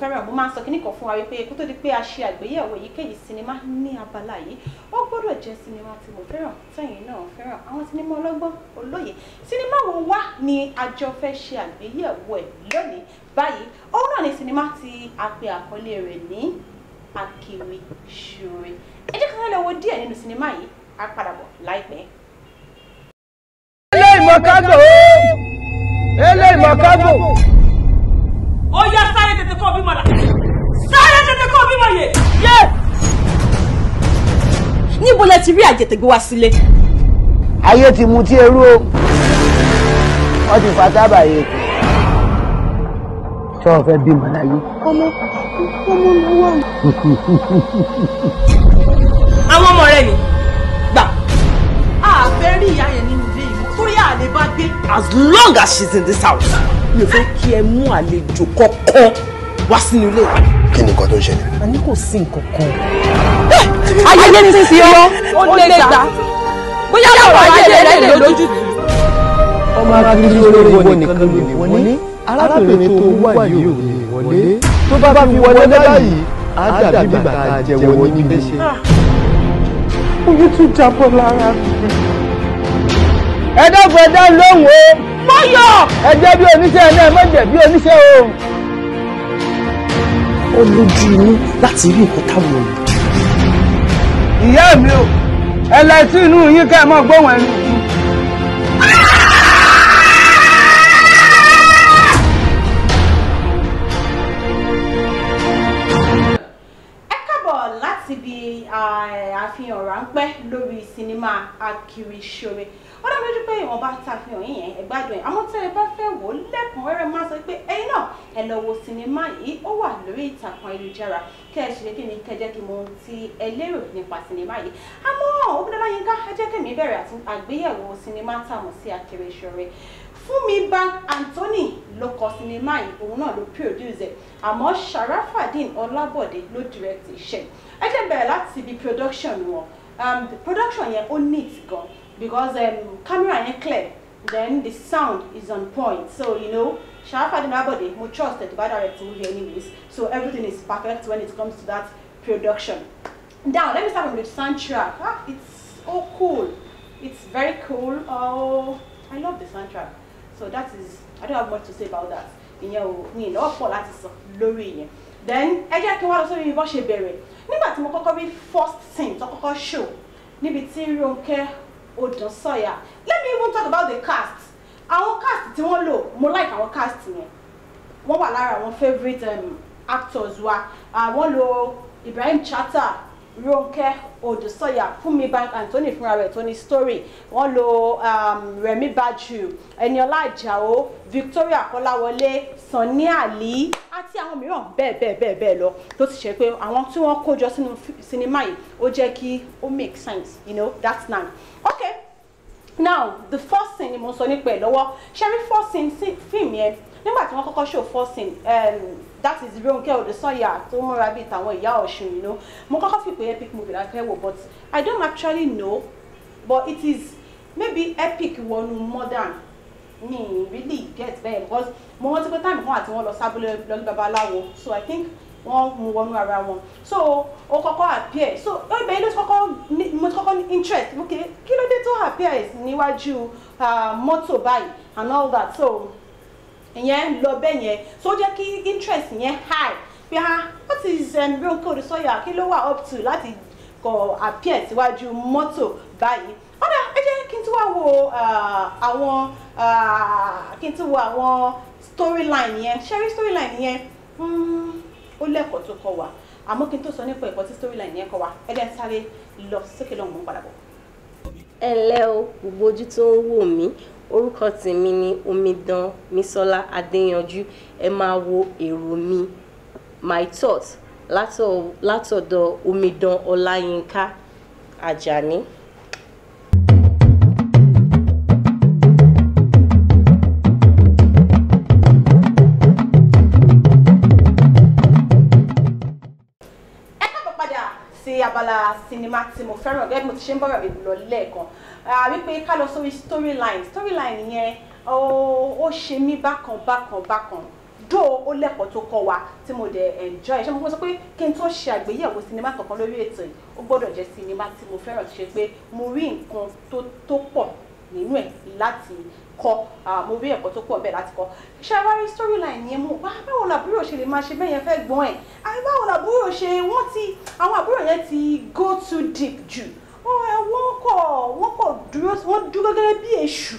fẹ́ràn mo máa ń sọ kíní kan fún wa wípé kó tó di pé a ṣe àgbéyẹ̀wò èyíkéyìí sinimá ní abala yìí ó gbọ́dọ̀ jẹ́ sinimá tí mo fẹ́ràn tẹ̀yin náà fẹ́ràn àwọn sinimá ọlọ́gbọ́n olóye sinimá wo wá ni àjọ fẹ́ ṣe àgbéyẹ̀wò ẹ̀ lónìí báyìí òun náà ni sinimá tí a pe àkọlé rẹ̀ ní akiri ṣure ẹ jẹ́ ká lọ wo díẹ̀ nínú sinimá yìí á padà bọ̀ láìpẹ́. eléyìí mọ̀kágbò eléyìí mọ̀kágbò tètè kọ́ bímọ là sáré tètè kọ́ bímọ yẹ. níbo lẹ ti rí àjẹtẹ̀gbẹ́ wá sílé. ayé ti mu tí eru o wọ́n ti fa tábà yẹ kù tí wọ́n fẹ́ bímọ láyé. ọmọ ọmọ mi wà. àwọn ọmọ rẹ ni gbà á fẹ́ rí ìyá yẹn nínú ilé yìí torí àlè bá gbé. as long as she's in this house mi ò fẹ́ kí ẹ mú àlejò kankan wá sínú ilé. kí ni nǹkan tó ń ṣẹlẹ̀. a ní kò sí nǹkan kan. Eh, ayé ti sí ọ ó lè ta bóyá àwọn ayé rẹ lè lójú. ọmọ akéwì olóògbé nìkan ló lè wọlé arábìnrin tó wà yìí ò lè wọlé tó bá fi wọlé báyìí á dàbí bàtà jẹwọ níbi. Ah. oyè tún jábọ́ lára mi ẹ̀dọ́gbẹ̀dá lóhùn o. mọ́yọ̀. ẹ jẹ́ bí oníṣẹ́ náà mọ̀jẹ̀ bí oníṣẹ́ o ó lójú inú láti rí nǹkan táwọn ò. ìyá mi o ẹ lẹ sí inú yín ká ẹ máa gbóhùn ẹnu. àfihàn ráńpẹ́ lórí sinimá Akirisore ó dá lójú pé ìwọ̀nba tàfihàn yìí yẹn ẹ̀gbádùn ẹ̀ àmọ́ tẹ́ ẹ bá fẹ́ wò ó lẹ́kùnrẹ́rẹ́ máa sọ pé ẹ̀yin náà ẹ lọ wo sinimá yìí ó wà lórí ìtàkùn ayélujára kẹ́ ẹ ṣe kí ni kẹ́ jẹ́ kí mo ti ẹ lérò nípa sinimá yìí àmọ́ Ògúndọlá Yínká ẹ jẹ́ kẹ́mi bẹ̀rẹ̀ àgbéyẹ̀wò sinimá tàmù sí Akirisore Fúnmi Bank Anthony ló kọ sinimá yìí òun náà ló produce ẹ̀ àmọ́ Sharafadeen Ọlábọ̀dé ló direct iṣẹ́ ẹ jẹ́ bẹ̀rẹ̀ láti ibi production wọn um, production yẹn ó neat gan because um, camera yẹn clear then the sound is on point so you know Sharafadeen Ọlábọ̀dé mo trust ẹ̀ tó bá direct movie anyways so everything is perfect when it comes to that production. Now let me start with the soundtrack ah, it's so cool it's very cool oh I love the soundtrack so that is i don't have much to say about that ìyẹn ò ní ìnáwó pọ̀ láti sọ lórí ìyẹn then ẹ jẹ́ kí wọ́n lọ sórí bọ́n ṣe bẹ̀rẹ̀ nígbà tí mo kọ́kọ́ rí first thing tó kọ́kọ́ show níbi tí Ronke Odunsanya let me even talk about the cast àwọn cast tí wọ́n lò mo like àwọn cast yẹn wọ́n wà lára àwọn favourite um, actors wa uh, lo Ibrahim Chatta Ronke Odùsọ̀yà Fúnmi Bank Anthony fúnra rẹ̀ tó ní story wọ́n lo um, Rẹ̀mí Bájú Ẹniọlá Àjàó Victoria Kọ́láwọlé Sanni Ali àti àwọn mìíràn bẹ́ẹ̀ bẹ́ẹ̀ bẹ́ẹ̀ bẹ́ẹ̀ lọ tó ti ṣe pé àwọn tí wọ́n kó jọ sínú sinimá yìí ó jẹ́ kí ó make sense you know that's nine okay now the first thing ni mo sọ nípa ẹ̀ lọ́wọ́ ṣe rí first scene film yẹn nígbà tí wọ́n kọ́kọ́ ṣò first thing. um, that is Ronke Odesanya tó múra bíi tàwọn ìyá Ọ̀ṣun yìí ló mo kọ́kọ́ fi pé epic movie la fẹ́ wò but I don't actually know but it is maybe epic wọnú modern mi really get bẹ́ẹ̀ because mo rántí pé táìmù kan àti wọn lọ sábúlé lọ́lẹ́ babaláwo so I think wọ́n mu wọnú ara wọn so ó kọ́kọ́ appear so ibẹ̀ yìí ló ti kọ́kọ́ mo ti ní interest okay, kí ló dé tó appear níwájú mọ́tò báyìí and all that so ìyẹn lọ bẹ́ẹ̀ yẹn so ó jẹ́ kí interest yẹn high pé ha ah, what is um, real code sọ́yà kí ló wà up to láti kọ appear síwájú mọ́tò báyìí ọ̀dà ẹ jẹ́ kí n tún wá wo àwọn kí n tún wo àwọn storyline yẹn ṣẹ́rí storyline yẹn. Mm, ó lẹ́kọ̀ọ́ tó kọ́ wa àmọ́ kí n tó sọ nípa ẹ̀kọ́ tí storyline yẹn kọ́ wa ẹ jẹ́ sáré lọ sókè lọ́hùn mọ́ padà bọ̀. ẹ ǹlẹ́ o gbogbo ojú tó ń wò mí orúkọ tèmi ni omidan misola adéyanjú ẹ máa wo èrò mi my thoughts látọ̀dọ̀ omidan ọláyínká àjàní. abala sinimá tí mo fẹ́ràn gẹ́gẹ́ bí mo ti ṣe ń bọ̀rọ̀ lọ lẹ́ẹ̀kan wípé ká lọ sórí storyline storyline yẹn ó ṣe mí bákan bákan bákan dó ó lẹ́kọ̀ọ́ tó kọ́ wa tí mo dẹ̀ enjoy ṣé mo sọ pé kí n tó ṣe àgbéyẹ̀wò sinimá kankan lórí ètò yìí ó gbọ́dọ̀ jẹ́ sinimá tí mo fẹ́ràn ti ṣe pé mo rí nǹkan tó pọ̀ nínú ẹ̀ láti kọ́ mo rí ẹ̀kọ́ tó pọ̀ bẹ́ẹ̀ láti kọ́ ṣé storyline yẹn mú báwo làbúrò ṣe lè máa ṣe bẹ́ẹ̀ yẹn fẹ́ gbọ́n ẹ̀ àbí báwo làbúrò ṣe wọ́n ti àwọn àbúrò yẹn ti go too deep jù wọ́n kọ̀ wọ́n kọ̀ dúró wọ́n dúró gẹ́gẹ́ bí èṣù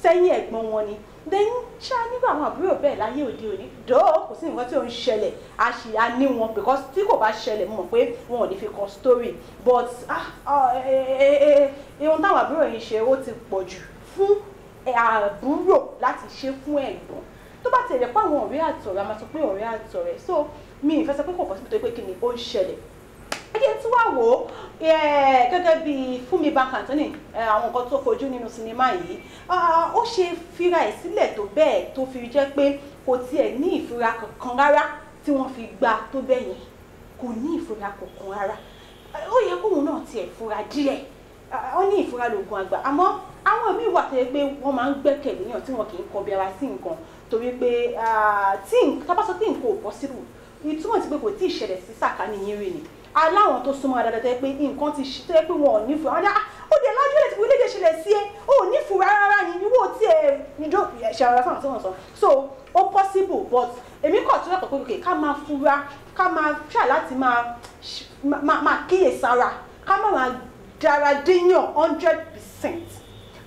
sẹ́yìn ẹ̀gbọ́n wọn ni then ṣá nígbà àwọn àbúrò bẹ́ẹ̀ láyé òde òní dóò kò sí nǹkan tí ò ń ṣẹlẹ̀ a ṣì á ní wọn because tí kò bá ṣẹlẹ̀ mo mọ̀ pé wọn ò ní fi kan story but ah, ohun táwọn àbúrò yìí ṣe ó ti pọ̀ jù fún àbúrò láti ṣe fún ẹ̀gbọ́n tó bá tẹ̀lé pé àwọn ọ̀rẹ́ àtọ̀rẹ́ a máa sọ pé ọ̀rẹ́ àtọ̀rẹ́ so mi ìfẹ́ sọ pé kò pọ̀ síbi tó pé kí ni ó ń ṣẹlẹ̀ jẹ́ tí wàá wò ó gẹ́gẹ́ bí Fúnmi Bankantoni àwọn nǹkan tó fojú nínú sinimá yìí ó ṣe fira ẹ̀ sílẹ̀ tó bẹ́ẹ̀ tó fi jẹ́ pé kò tiẹ̀ ní ìfura kankan rárá tí wọ́n fi gbà tó bẹ́ẹ̀ yẹn kò ní ìfura kankan rárá ó yẹ kóun náà tiẹ̀ fura díẹ̀ wọ́n ní ìfura lóògùn àgbà àmọ́ àwọn míì wà tó yẹ pé wọ́n máa ń gbẹ́kẹ̀lé yàn tí wọ́n kì í kọbi ara sí nǹkan torí pé tí tábà sọ nǹkan ò possible ìtumọ̀ ti pé kò tí ì ṣẹlẹ̀ sí sàkání ni aláwọn tó súnmọ́ ara dáadáa pé nǹkan ti ṣe tó yẹ pé wọn ò nífẹ̀ẹ́ wọn dá ah, ó dé lájú lè ti wọlé lè ṣẹlẹ̀ sí ẹ ó nífẹ̀ẹ́ rárá ni ìwọ tí ẹ níjó ẹ̀ṣẹ̀ ara fáwọn tí wọ́n sọ so ó possible but èmi kọ̀ tí ó yàtọ̀ pé òkè ká máa fura ká máa ṣà láti máa kíyèsára ká máa dára díyàn hundred percent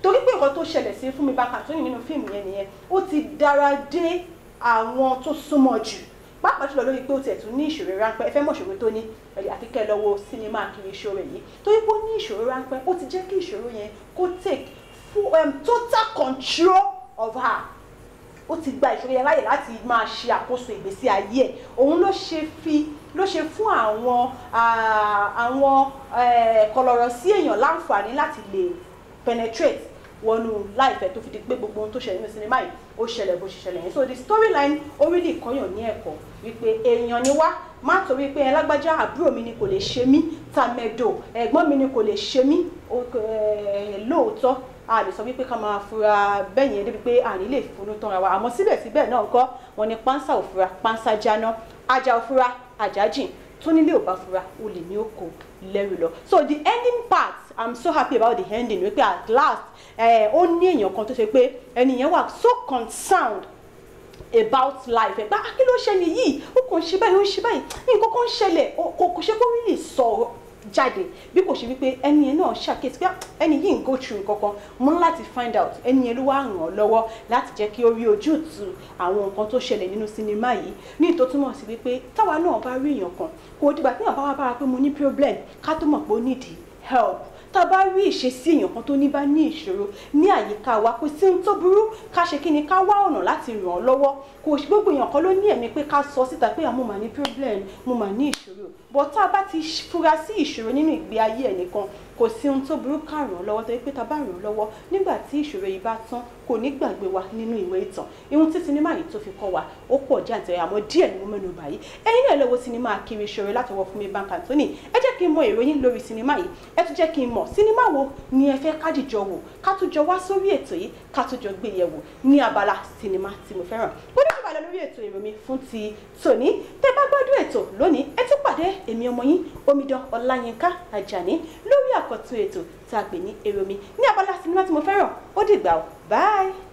torí pé nǹkan tó ṣẹlẹ̀ sí Fúnmi Bákàtúnyìn nínú fíìmù yẹn nìyẹn ó ti dára dé àwọn tó súnmọ́ jù pàápàá jùlọ lórí pé ó tiẹ̀ tún ní ìṣòro ráńpẹ́ ẹ fẹ́ mọ̀ ìṣòro tó ní àti kẹ́ lọ́wọ́ sinimá kiri ìṣòro yìí torí pé ó ní ìṣòro ráńpẹ́ ó ti jẹ́ kí ìṣòro yẹn kó take full um, total control of her ó ti gba ìṣòro yẹn láyè láti máa ṣe àkóso ìgbésí ayé ẹ̀ òun ló ṣe fi ló ṣe fún àwọn àwọn kọlọ̀rọ̀ sí èèyàn láǹfààní láti lè penetrate wọnú láìpẹ́ tó fi di pé gbogbo ohun tó ṣẹlẹ̀ nínú sinimá yìí ó ṣẹlẹ̀ bó ṣe ṣẹlẹ̀ yẹn so the storyline ó rí lè kọ́yàn ní ẹ̀kọ́ wípé èèyàn ni wá má torí pé ẹlágbájá àbúrò mi ni kò lè ṣe mí tàmẹ̀dò ẹ̀gbọ́n mi ni kò lè ṣe mí eh, lóòótọ́ a lè sọ wípé ká máa fura bẹ́ẹ̀ yẹn débi pé à ní lè funú tánra wa àmọ́ síbẹ̀síbẹ̀ náà kọ́ wọn ni pánsá ò pánsá jáná ajá ò fura tó nílé ò fura olè ní òkò lẹ́rù lọ so the ending part i'm so happy about the ending wípé at last eh, ó ní èèyàn kan tó ṣe pé ẹnìyẹn wà so concerned about life ẹ pé ah, kí ló ṣẹlẹ̀ yìí ó kàn ṣe báyìí ó ń ṣe báyìí nǹkan kan ṣẹlẹ̀ kò ṣe kó really sọ jáde bí kò ṣe wípé ẹni yẹn náà ṣàkíyèsí pé ah, ẹni yìí ń go through nǹkan kan mú láti find out ẹni yẹn ló wá ràn án lọ́wọ́ láti jẹ́ kí ó rí ojútùú àwọn nǹkan tó ṣẹlẹ̀ nínú sinimá yìí ní ìtò túmọ̀ sí wípé táwa náà bá rí èèyàn kan kò dìgbà tí èèyàn bá wá bára pé mo ní problem ká tó mọ̀ pé ó nídìí help tá a bá rí ìṣesí èèyàn kan tó ní bá ní ìṣòro ní àyíká wa kò sí ohun tó burú ká ṣe kí ni ká wá ọ̀nà láti ràn án lọ́wọ́ kò gbogbo èèyàn kan ló ní ẹ̀mí pé ká sọ síta pé mo mà ní problem mo mà ní ìṣòro bọ́ tá a bá ti fura sí ìṣòro nínú ìgbé ayé ẹnìkan kò sí ohun tó burú ká ràn án lọ́wọ́ tó yẹ pé ta bá ràn án lọ́wọ́ nígbà tí ìṣòro yìí bá tán kò ní gbàgbé wa nínú ìwé ìtàn ihun tí sinimá yìí tó fi kọ́ wa ó pọ̀ jàǹtẹ̀ àmọ́ díẹ̀ ni mo mẹ́nu báyìí ẹ̀yin náà lọ́wọ́ sinimá Akiri Ìṣòro láti ọwọ́ Fúnmi Bankantoni ẹ jẹ́ kí n mọ ìròyìn lórí sinimá yìí ẹ tún jẹ́ kí n mọ̀ sinimá wo ni ẹ fẹ́ kájíjọ wò ká tún jọ wá sórí ètò yìí ká tún jọ gbé yẹ̀wò ní abala sinimá tí mo fẹ́ràn ó ní ìbàdàn lórí ètò ìròyìn fún ti tòní tẹ́ bá gbádùn ètò lónìí àkọ́tún ètò tá a pè ní Èròmi ní abala sinimá tí mo fẹ́ràn ó dìgbà o bye.